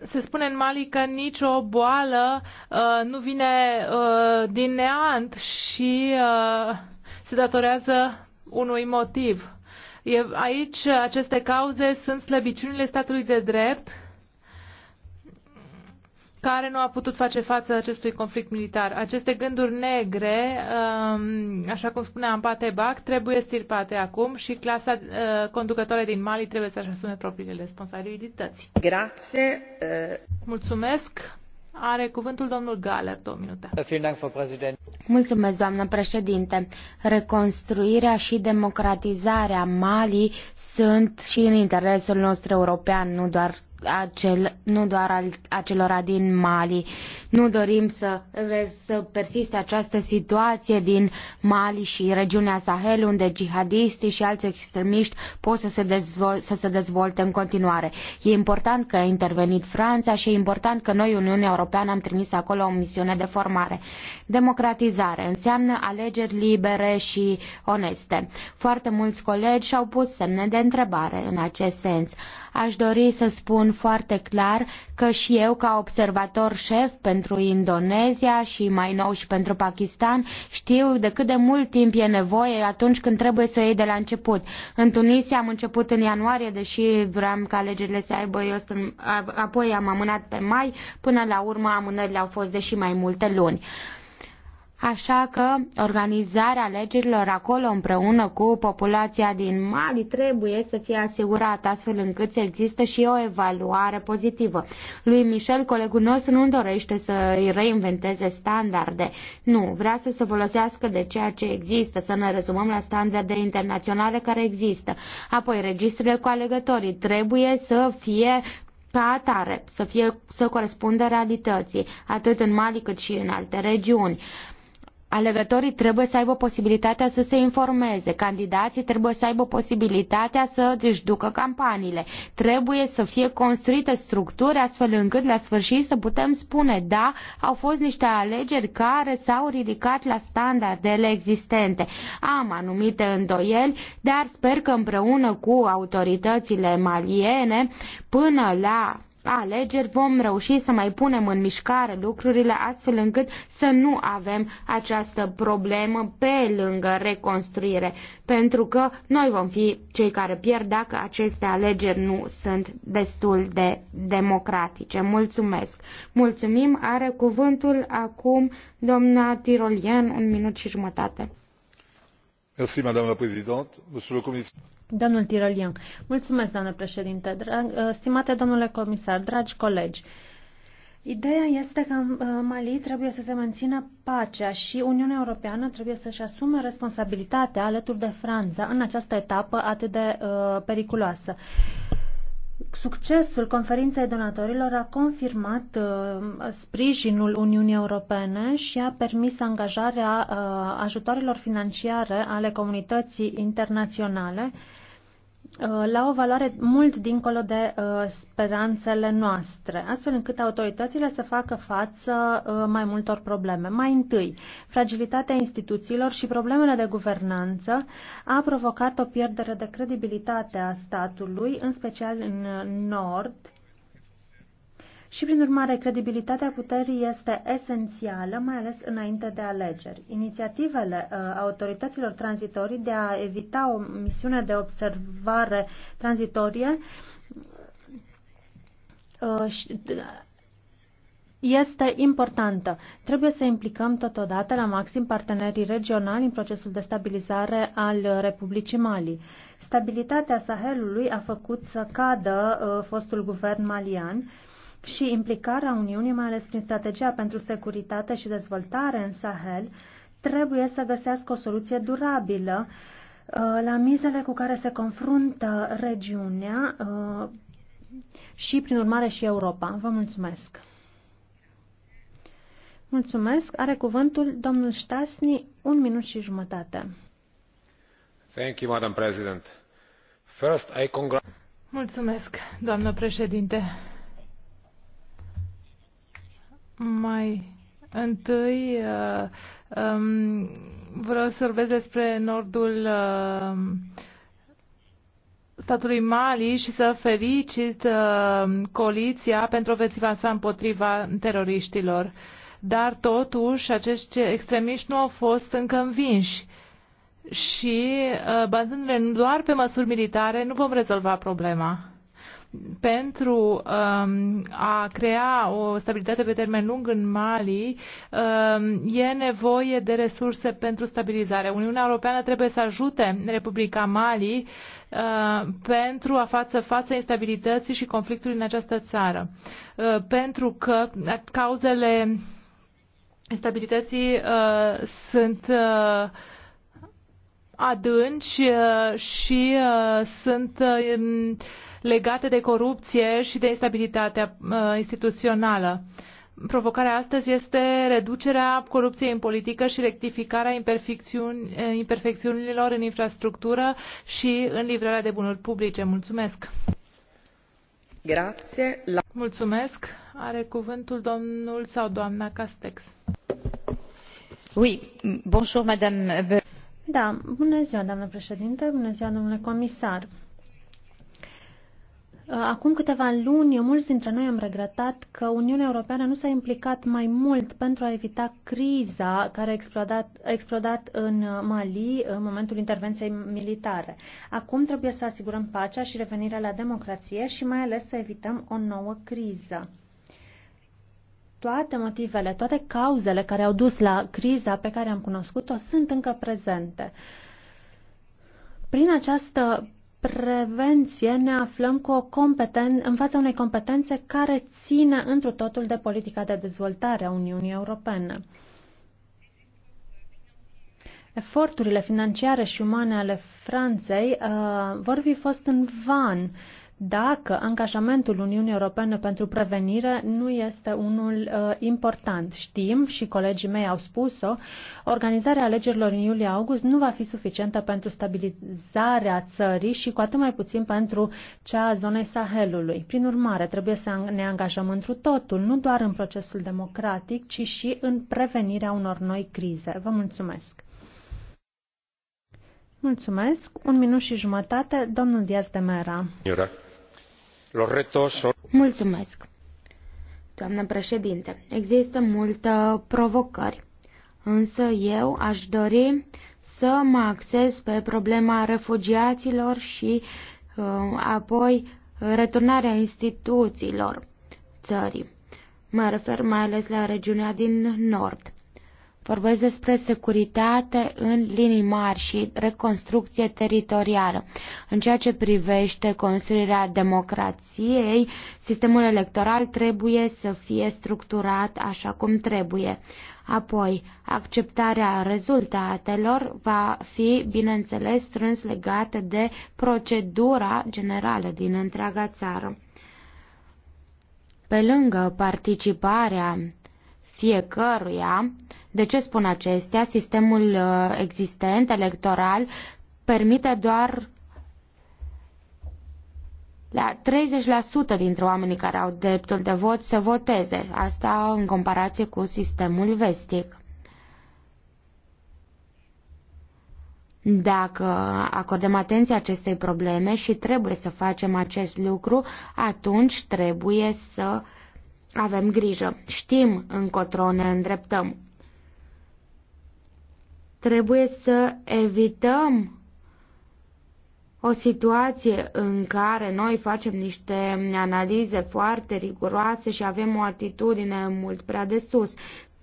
Se spune în Mali că nicio boală uh, nu vine uh, din neant și uh, se datorează unui motiv. E, aici aceste cauze sunt slăbiciunile statului de drept, care nu a putut face față acestui conflict militar. Aceste gânduri negre, um, așa cum spunea Ampate Bac, trebuie stirpate acum și clasa uh, conducătoare din Mali trebuie să-și asume propriile responsabilități. Grație. Uh. Mulțumesc. Are cuvântul domnul Galer, două minute. Mulțumesc, doamnă președinte. Reconstruirea și democratizarea Mali sunt și în interesul nostru european, nu doar acel, nu doar al acelora din Mali. Nu dorim să, să persiste această situație din Mali și regiunea Sahel, unde jihadiștii și alți extremiști pot să se, dezvol- să se dezvolte în continuare. E important că a intervenit Franța și e important că noi, Uniunea Europeană, am trimis acolo o misiune de formare. Democratizare înseamnă alegeri libere și oneste. Foarte mulți colegi și-au pus semne de întrebare în acest sens. Aș dori să spun foarte clar că și eu, ca observator șef pentru Indonezia și mai nou și pentru Pakistan, știu de cât de mult timp e nevoie atunci când trebuie să o iei de la început. În Tunisia am început în ianuarie, deși vreau ca alegerile să aibă, eu stân, apoi am amânat pe mai, până la urmă amânările au fost deși mai multe luni. Așa că organizarea alegerilor acolo împreună cu populația din Mali trebuie să fie asigurată astfel încât să există și o evaluare pozitivă. Lui Michel, colegul nostru, nu dorește să îi reinventeze standarde. Nu, vrea să se folosească de ceea ce există, să ne rezumăm la standarde internaționale care există. Apoi, registrele cu alegătorii trebuie să fie ca atare, să, fie, să corespundă realității, atât în Mali cât și în alte regiuni alegătorii trebuie să aibă posibilitatea să se informeze, candidații trebuie să aibă posibilitatea să își ducă campaniile, trebuie să fie construite structuri astfel încât la sfârșit să putem spune da, au fost niște alegeri care s-au ridicat la standardele existente. Am anumite îndoieli, dar sper că împreună cu autoritățile maliene până la alegeri vom reuși să mai punem în mișcare lucrurile astfel încât să nu avem această problemă pe lângă reconstruire, pentru că noi vom fi cei care pierd dacă aceste alegeri nu sunt destul de democratice. Mulțumesc! Mulțumim! Are cuvântul acum doamna tirolian un minut și jumătate. Merci, madame la domnule comisar. Domnul Tirolian, mulțumesc, doamnă președinte, drag, uh, stimate domnule comisar, dragi colegi. Ideea este că uh, Mali trebuie să se mențină pacea și Uniunea Europeană trebuie să-și asume responsabilitatea alături de Franța în această etapă atât de uh, periculoasă. Succesul conferinței donatorilor a confirmat uh, sprijinul Uniunii Europene și a permis angajarea uh, ajutoarelor financiare ale comunității internaționale uh, Uh, la o valoare mult dincolo de uh, speranțele noastre, astfel încât autoritățile să facă față uh, mai multor probleme. Mai întâi, fragilitatea instituțiilor și problemele de guvernanță a provocat o pierdere de credibilitate a statului, în special în nord, și, prin urmare, credibilitatea puterii este esențială, mai ales înainte de alegeri. Inițiativele uh, autorităților tranzitorii de a evita o misiune de observare tranzitorie uh, uh, este importantă. Trebuie să implicăm totodată la maxim partenerii regionali în procesul de stabilizare al Republicii Mali. Stabilitatea Sahelului a făcut să cadă uh, fostul guvern malian și implicarea Uniunii, mai ales prin strategia pentru securitate și dezvoltare în Sahel, trebuie să găsească o soluție durabilă uh, la mizele cu care se confruntă regiunea uh, și, prin urmare, și Europa. Vă mulțumesc! Mulțumesc. Are cuvântul domnul Ștasni, un minut și jumătate. Thank you, Madam President. First, I Mulțumesc, doamnă președinte. Mai întâi uh, um, vreau să vorbesc despre nordul uh, statului Mali și să fericit uh, coaliția pentru ofensiva sa împotriva teroriștilor. Dar totuși acești extremiști nu au fost încă învinși și uh, bazându-ne doar pe măsuri militare nu vom rezolva problema pentru um, a crea o stabilitate pe termen lung în Mali, um, e nevoie de resurse pentru stabilizare. Uniunea Europeană trebuie să ajute Republica Mali uh, pentru a față față instabilității și conflictului în această țară. Uh, pentru că cauzele instabilității uh, sunt adânci și sunt legate de corupție și de instabilitatea uh, instituțională. Provocarea astăzi este reducerea corupției în politică și rectificarea uh, imperfecțiunilor în infrastructură și în livrarea de bunuri publice. Mulțumesc! Grazie. La... Mulțumesc. Are cuvântul domnul sau doamna Castex. Oui, bonjour, madame. Da, bună ziua, doamnă președinte, bună ziua, domnule comisar. Acum câteva luni, mulți dintre noi am regretat că Uniunea Europeană nu s-a implicat mai mult pentru a evita criza care a explodat, a explodat în Mali în momentul intervenției militare. Acum trebuie să asigurăm pacea și revenirea la democrație și mai ales să evităm o nouă criză. Toate motivele, toate cauzele care au dus la criza pe care am cunoscut-o sunt încă prezente. Prin această prevenție ne aflăm cu o competen- în fața unei competențe care ține întru totul de politica de dezvoltare a Uniunii Europene. Eforturile financiare și umane ale Franței uh, vor fi fost în van dacă angajamentul Uniunii Europene pentru prevenire nu este unul uh, important. Știm și colegii mei au spus-o, organizarea alegerilor în iulie-august nu va fi suficientă pentru stabilizarea țării și cu atât mai puțin pentru cea a zonei Sahelului. Prin urmare, trebuie să ne angajăm întru totul, nu doar în procesul democratic, ci și în prevenirea unor noi crize. Vă mulțumesc! Mulțumesc. Un minut și jumătate, domnul Diaz de Mera. Iura. Los retos son... Mulțumesc. Doamnă președinte, există multă provocări, însă eu aș dori să mă axez pe problema refugiaților și uh, apoi returnarea instituțiilor țării. Mă refer mai ales la regiunea din nord. Vorbesc despre securitate în linii mari și reconstrucție teritorială. În ceea ce privește construirea democrației, sistemul electoral trebuie să fie structurat așa cum trebuie. Apoi, acceptarea rezultatelor va fi, bineînțeles, strâns legată de procedura generală din întreaga țară. Pe lângă participarea fiecăruia. De ce spun acestea? Sistemul uh, existent, electoral, permite doar la 30% dintre oamenii care au dreptul de vot să voteze, asta în comparație cu sistemul vestic. Dacă acordăm atenție acestei probleme și trebuie să facem acest lucru, atunci trebuie să uh, avem grijă, știm încotro ne îndreptăm. Trebuie să evităm o situație în care noi facem niște analize foarte riguroase și avem o atitudine mult prea de sus.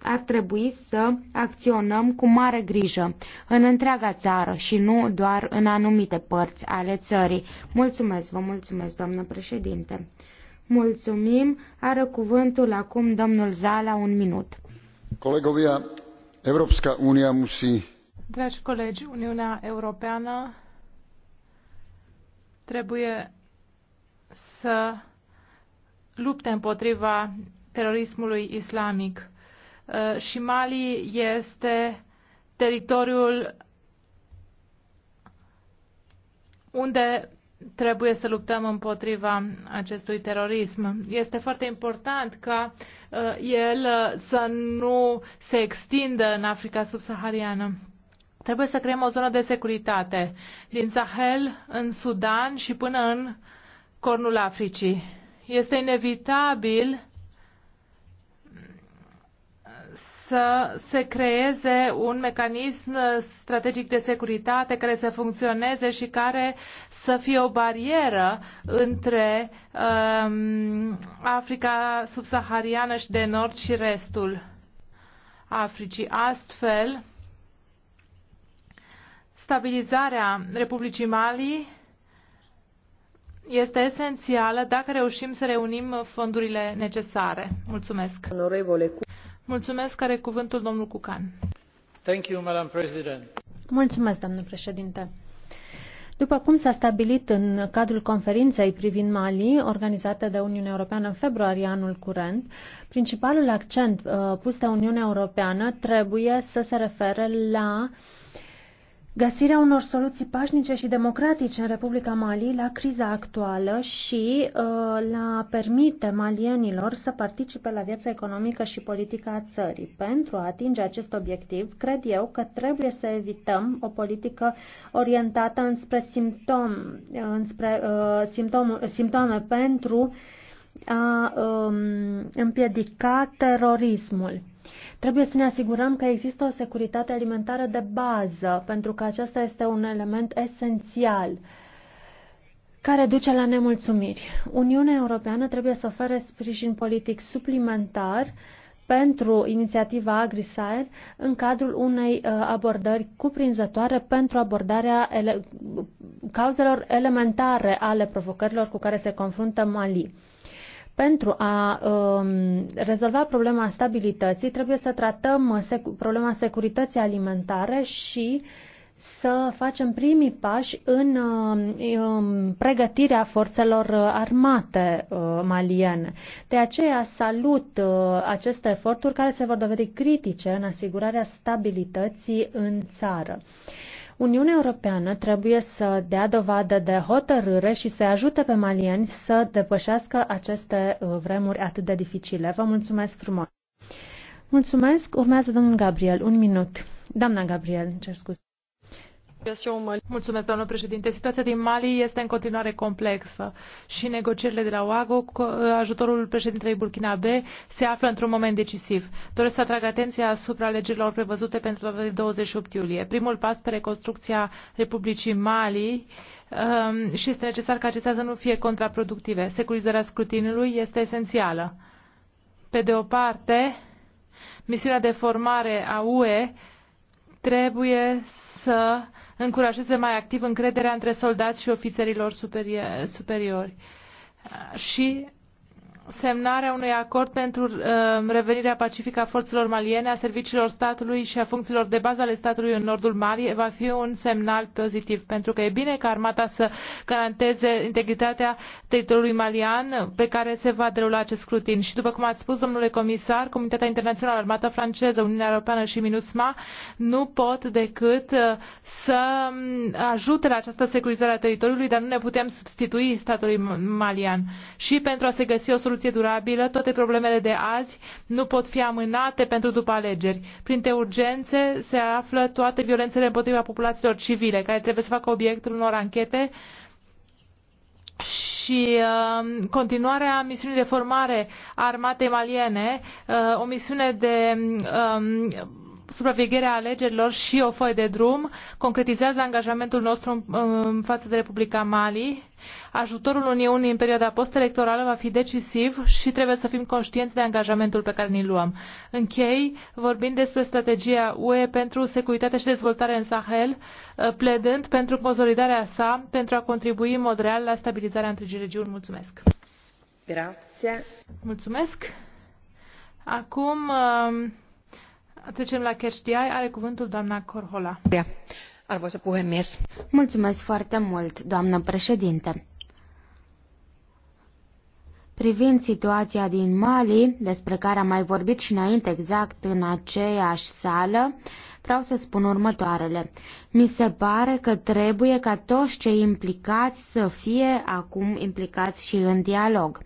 Ar trebui să acționăm cu mare grijă în întreaga țară și nu doar în anumite părți ale țării. Mulțumesc, vă mulțumesc, doamnă președinte. Mulțumim. Are cuvântul acum domnul Zala, un minut. Colegovia, Europska Unia musi... Dragi colegi, Uniunea Europeană trebuie să lupte împotriva terorismului islamic. Uh, și Mali este teritoriul unde trebuie să luptăm împotriva acestui terorism. Este foarte important ca uh, el uh, să nu se extindă în Africa subsahariană. Trebuie să creăm o zonă de securitate din Sahel în Sudan și până în cornul Africii. Este inevitabil să se creeze un mecanism strategic de securitate care să funcționeze și care să fie o barieră între um, Africa subsahariană și de nord și restul Africii. Astfel, stabilizarea Republicii Mali este esențială dacă reușim să reunim fondurile necesare. Mulțumesc. Mulțumesc, are cuvântul domnul Cucan. Thank you, Madam President. Mulțumesc, doamnă președinte. După cum s-a stabilit în cadrul conferinței privind Mali, organizată de Uniunea Europeană în februarie anul curent, principalul accent uh, pus de Uniunea Europeană trebuie să se refere la uh, Găsirea unor soluții pașnice și democratice în Republica Mali la criza actuală și uh, la permite malienilor să participe la viața economică și politică a țării. Pentru a atinge acest obiectiv, cred eu că trebuie să evităm o politică orientată înspre, simptom, înspre uh, simptom, simptome pentru a um, împiedica terorismul. Trebuie să ne asigurăm că există o securitate alimentară de bază, pentru că acesta este un element esențial care duce la nemulțumiri. Uniunea Europeană trebuie să ofere sprijin politic suplimentar pentru inițiativa AgriSaer în cadrul unei uh, abordări cuprinzătoare pentru abordarea ele- cauzelor elementare ale provocărilor cu care se confruntă Mali. Pentru a um, rezolva problema stabilității, trebuie să tratăm sec- problema securității alimentare și să facem primii pași în um, pregătirea forțelor armate uh, maliene. De aceea salut uh, aceste eforturi care se vor dovedi critice în asigurarea stabilității în țară. Uh, Uniunea Europeană trebuie să dea dovadă de hotărâre și să ajute pe malieni să depășească aceste uh, vremuri atât de dificile. Vă mulțumesc frumos! Mulțumesc! Urmează domnul Gabriel. Un minut. Doamna Gabriel, încerc scuze. Mulțumesc, președinte. Situația din Mali este în continuare complexă și negocierile de la Oago cu uh, ajutorul președintelui Burkina Faso, se află într-un moment decisiv. Doresc să atrag atenția asupra alegerilor prevăzute pentru data de 28 iulie. Primul pas pe reconstrucția Republicii Mali um, și este necesar ca acestea să nu fie contraproductive. Securizarea scrutinului este esențială. Pe de o parte, misiunea de formare a UE trebuie să să încurajeze mai activ încrederea între soldați și ofițerilor superiori. Și semnarea unui acord pentru uh, revenirea pacifică a forțelor maliene, a serviciilor statului și a funcțiilor de bază ale statului în nordul Mali va fi un semnal pozitiv, pentru că e bine ca armata să garanteze integritatea teritoriului malian pe care se va derula acest scrutin. Și după cum ați spus, domnule comisar, Comunitatea Internațională, Armata Franceză, Uniunea Europeană și MINUSMA nu pot decât uh, să um, ajute la această securizare a teritoriului, dar nu ne putem substitui statului malian. Și pentru a se găsi o soluție soluție durabilă. Toate problemele de azi nu pot fi amânate pentru după alegeri. Printre urgențe se află toate violențele împotriva populațiilor civile, care trebuie să facă obiectul unor anchete și uh, continuarea misiunii de formare a armatei maliene, uh, o misiune de um, supravegherea alegerilor și o foaie de drum concretizează angajamentul nostru în față de Republica Mali. Ajutorul Uniunii în perioada postelectorală va fi decisiv și trebuie să fim conștienți de angajamentul pe care ni-l luăm. Închei vorbind despre strategia UE pentru securitate și dezvoltare în Sahel, uh, pledând pentru consolidarea sa pentru a contribui în mod real la stabilizarea întregii regiuni. Mulțumesc! Grazie. Mulțumesc! Acum uh, Trecem la Catch Are cuvântul doamna Corhola. Arvoisa puhemies. Mulțumesc foarte mult, doamnă președinte. Privind situația din Mali, despre care am mai vorbit și înainte exact în aceeași sală, vreau să spun următoarele. Mi se pare că trebuie ca toți cei implicați să fie acum implicați și în dialog.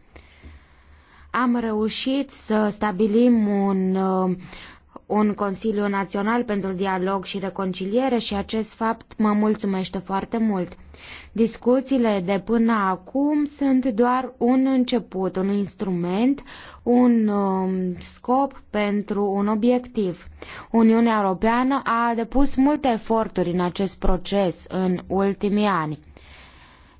Am reușit să stabilim un uh, un Consiliu Național pentru Dialog și Reconciliere și acest fapt mă mulțumește foarte mult. Discuțiile de până acum sunt doar un început, un instrument, un um, scop pentru un obiectiv. Uniunea Europeană a depus multe eforturi în acest proces în ultimii ani.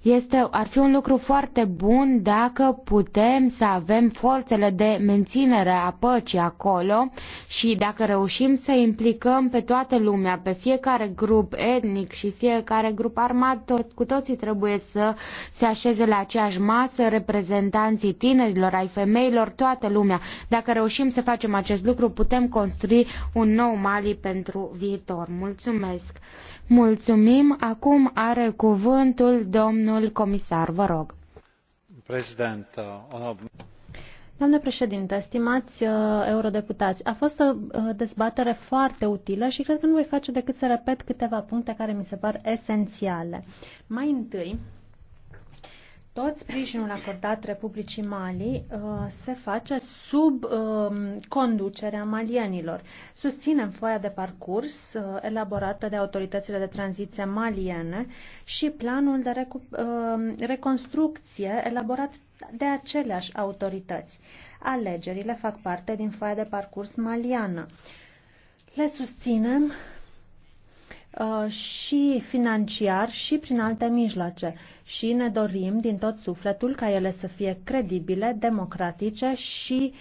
Este, ar fi un lucru foarte bun dacă putem să avem forțele de menținere a păcii acolo și dacă reușim să implicăm pe toată lumea, pe fiecare grup etnic și fiecare grup armat, tot, cu toții trebuie să se așeze la aceeași masă, reprezentanții tinerilor, ai femeilor, toată lumea. Dacă reușim să facem acest lucru, putem construi un nou Mali pentru viitor. Mulțumesc! Mulțumim. Acum are cuvântul domnul comisar. Vă rog. President, uh, onorabil... Doamne președinte, stimați uh, eurodeputați, a fost o uh, dezbatere foarte utilă și cred că nu voi face decât să repet câteva puncte care mi se par esențiale. Mai întâi, tot sprijinul acordat Republicii Mali uh, se face sub uh, conducerea malienilor. Susținem foaia de parcurs uh, elaborată de autoritățile de tranziție maliene și planul de recu- uh, reconstrucție elaborat de aceleași autorități. Alegerile fac parte din foaia de parcurs maliană. Le susținem Uh, și financiar și prin alte mijloace și ne dorim din tot sufletul ca ele să fie credibile, democratice și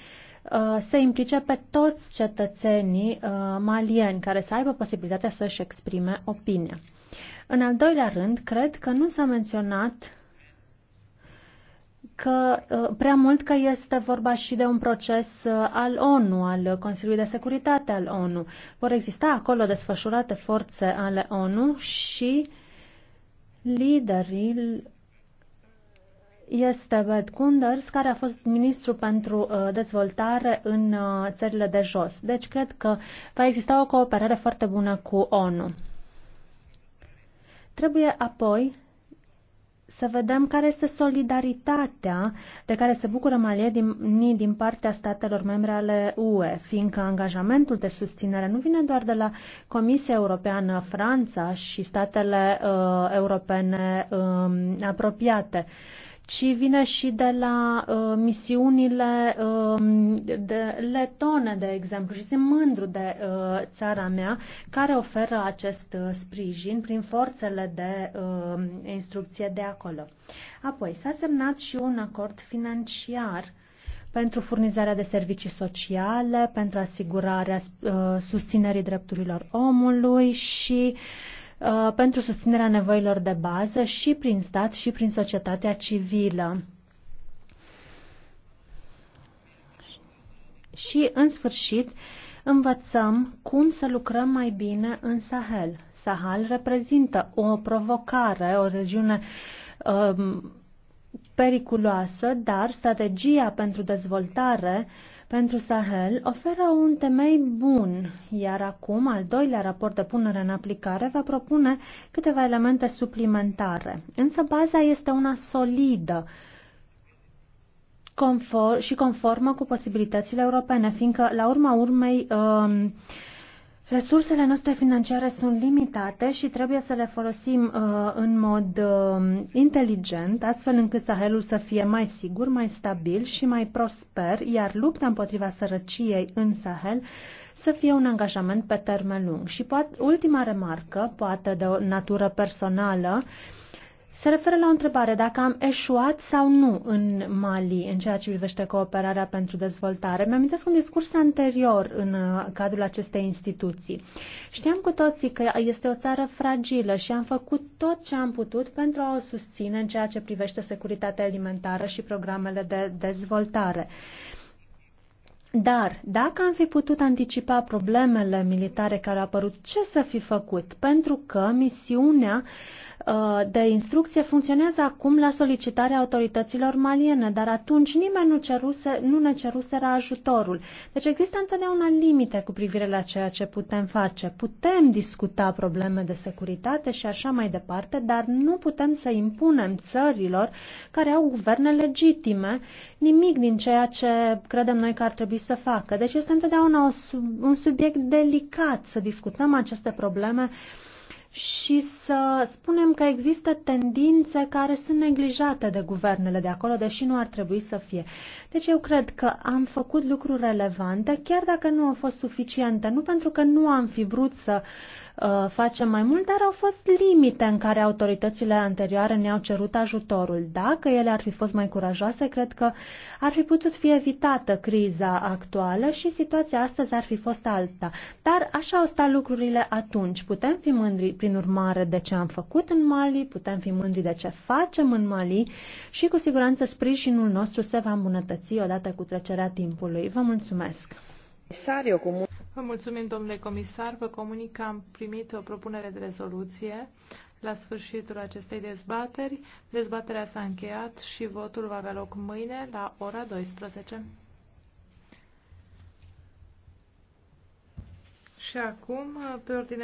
uh, să implice pe toți cetățenii uh, malieni care să aibă posibilitatea să-și exprime opinia. În al doilea rând, cred că nu s-a menționat că uh, prea mult că este vorba și de un proces uh, al ONU, al Consiliului de Securitate al ONU. Vor exista acolo desfășurate forțe ale ONU și liderii este Bed Kunders, care a fost ministru pentru uh, dezvoltare în țările de jos. Deci cred că va exista o cooperare foarte bună cu ONU. Trebuie apoi să vedem care este solidaritatea de care se bucură malienii din partea statelor membre ale UE, fiindcă angajamentul de susținere nu vine doar de la Comisia Europeană, Franța și statele uh, europene uh, apropiate. Uh, ci vine și de la uh, misiunile uh, de letone, de exemplu, și sunt mândru de uh, țara mea care oferă acest uh, sprijin prin forțele de uh, instrucție de acolo. Apoi, s-a semnat și un acord financiar pentru furnizarea de servicii sociale, pentru asigurarea uh, susținerii drepturilor omului și uh, Uh, pentru susținerea nevoilor de bază și prin stat și prin societatea civilă. Și, în sfârșit, învățăm cum să lucrăm mai bine în Sahel. Sahel reprezintă o provocare, o regiune um, periculoasă, dar strategia pentru dezvoltare uh, pentru Sahel oferă un temei bun, iar acum al doilea raport de punere în aplicare va propune câteva elemente suplimentare. Însă baza este una solidă conform, și conformă cu posibilitățile europene, fiindcă la urma urmei Uh, Resursele noastre financiare sunt limitate și trebuie să le folosim uh, în mod uh, inteligent, astfel încât Sahelul să fie mai sigur, mai stabil și mai prosper, iar lupta împotriva sărăciei în Sahel să fie un angajament pe termen lung. Și poate, ultima remarcă, poate de o natură personală, uh, se referă la o întrebare dacă am eșuat sau nu în Mali în ceea ce privește cooperarea pentru dezvoltare. Mi-am un discurs anterior în uh, cadrul acestei instituții. Știam cu toții că este o țară fragilă și am făcut tot ce am putut pentru a o susține în ceea ce privește securitatea alimentară și programele de dezvoltare. Dar dacă am fi putut anticipa problemele militare care au apărut, ce să fi făcut? Pentru că misiunea uh, de instrucție funcționează acum la solicitarea autorităților maliene, dar atunci nimeni nu, ceruse, nu ne ceruseră ajutorul. Deci există întotdeauna limite cu privire la ceea ce putem face. Putem discuta probleme de securitate și așa mai departe, dar nu putem să impunem țărilor care au guverne legitime nimic din ceea ce credem noi că ar trebui să facă. Deci este întotdeauna un subiect delicat să discutăm aceste probleme și să spunem că există tendințe care sunt neglijate de guvernele de acolo, deși nu ar trebui să fie. Deci eu cred că am făcut lucruri relevante, chiar dacă nu au fost suficiente, nu pentru că nu am fi vrut să Uh, facem mai mult, dar au fost limite în care autoritățile anterioare ne-au cerut ajutorul. Dacă ele ar fi fost mai curajoase, cred că ar fi putut fi evitată criza actuală și situația astăzi ar fi fost alta. Dar așa au stat lucrurile atunci. Putem fi mândri, prin urmare, de ce am făcut în Mali, putem fi mândri de ce facem în Mali și cu siguranță sprijinul nostru se va îmbunătăți odată cu trecerea timpului. Vă mulțumesc! Vă mulțumim, domnule comisar. Vă comunic că am primit o propunere de rezoluție la sfârșitul acestei dezbateri. Dezbaterea s-a încheiat și votul va avea loc mâine la ora 12. Și acum, pe ordine